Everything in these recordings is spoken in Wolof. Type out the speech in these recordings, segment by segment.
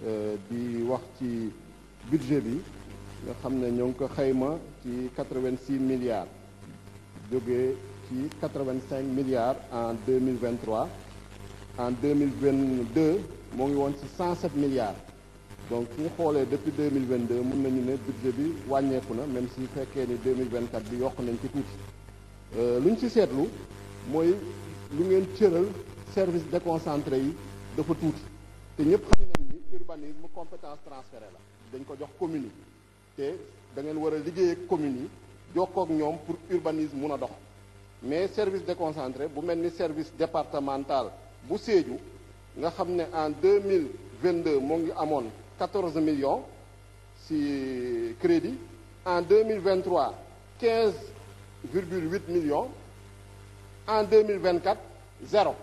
Euh, di wax ci budget bi nga xam ne ñoo ngi ko xayma ci 86 milliards jóge ci 85 milliards en 2023 en 2022 moo ngi woon ci 107 milliards donc su ñu xoolee depuis 2022 mën nañu ne budget bi wàññeeku na même si fekkee ni 2024 bi yokk nañ ci tuuti euh, lu ñu ci seetlu mooy lu ngeen cëral service déconcentré yi dafa tuuti te ñëpp xam urbanisme compétence transférée la dañ ko jox commune yi te da ngeen war a liggéey ak commune yi jokkoo ak ñoom pour urbanisme mun a dox mais service déconcentré bu mel ni service départemental bu Sédhiou nga xam ne en 2022 moo ngi amoon 14 millions ci crédit en 2023 15 virgule 8 millions en 2024 zéro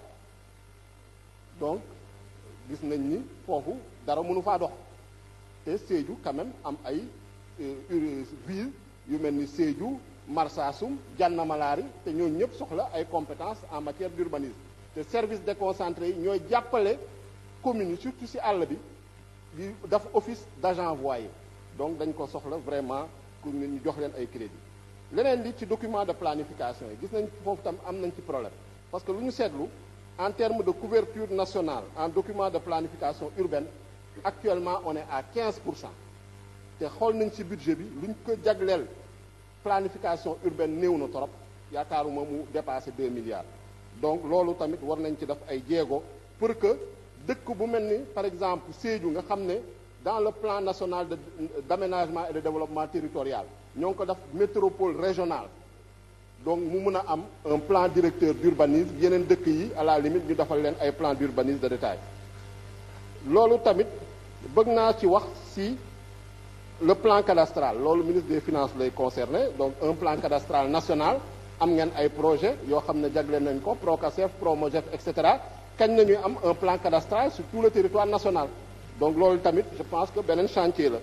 donc gis nañ ni foofu dara mënu faa dox te Sédhiou quand même am ay euh, ville yu mel ni Sédhiou Marsassoum Dianamalaari te ñoo ñëpp soxla ay compétences en matière d'urbanisme te service déconcentré yi ñooy jàppale communes yi surtout ci àll bi di daf office d'agent voyer donc dañ ko soxla vraiment pour ñu jox leen ay crédit leneen li ci document de planification yi gis nañ foofu tam am nañ ci problème parce que lu ñu seetlu En termes de couverture nationale en document de planification urbaine actuellement on est à 15 pour cent te xool nañ ci budget bi lu ñu ko jagleel planification urbaine néew na torop yaakaaruma mu dépassé 2 milliards. donc loolu tamit war nañ ci def ay jéego pour que dëkk bu mel ni par exemple Sédhiou nga xam ne dans le plan national de d' de développement territorial ñoo ngi ko def métropole régional donc mu mun a am un plan directeur d'urbanisme yeneen dëkk yi à la ñu defal leen ay plan d'urbanisme de détail loolu tamit bëgg naa ci wax si le plan cadastral loolu ministre des finance lay concerné donc un plan cadastral national am ngeen ay projet yoo xam ne jagle nañ ko pro Procasef Promogef et cetera kañ nañuy am un plan cadastral sur tout le territoire national donc loolu tamit je pense que beneen chantier la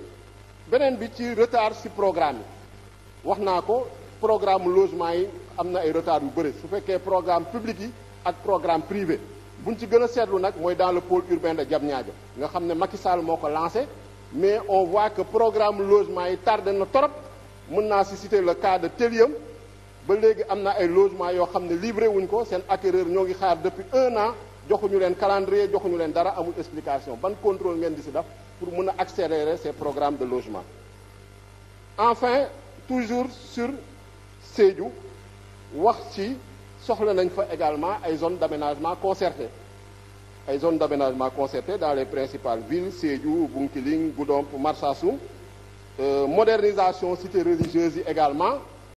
beneen bi ci retard si programme yi programme logement yi am na ay retard yu bëri su fekkee programme public yi ak programme privé bu ñu ci gën a seetlu nag mooy dans le pôle urbain de Diamniadio nga xam ne Macky Sall moo ko lancé mais on voit que programme logement yi tardé na trop mën naa si citer le cas de Télium ba léegi am na ay logement yoo xam ne livré wuñ ko seen acquéreur ñoo ngi xaar depuis un an joxuñu leen calendrier joxuñu leen dara amul explication ban contrôle ngeen di si def pour mën a accélérer ces programmes de Sédhiou wax ci soxla nañ fa également ay zones d'aménagement concerté ay zone d'aménagement concerté dans les principales villes Sédhiou Bounkiling Goudomp Marsassoum euh, modernisation cités religieuses yi également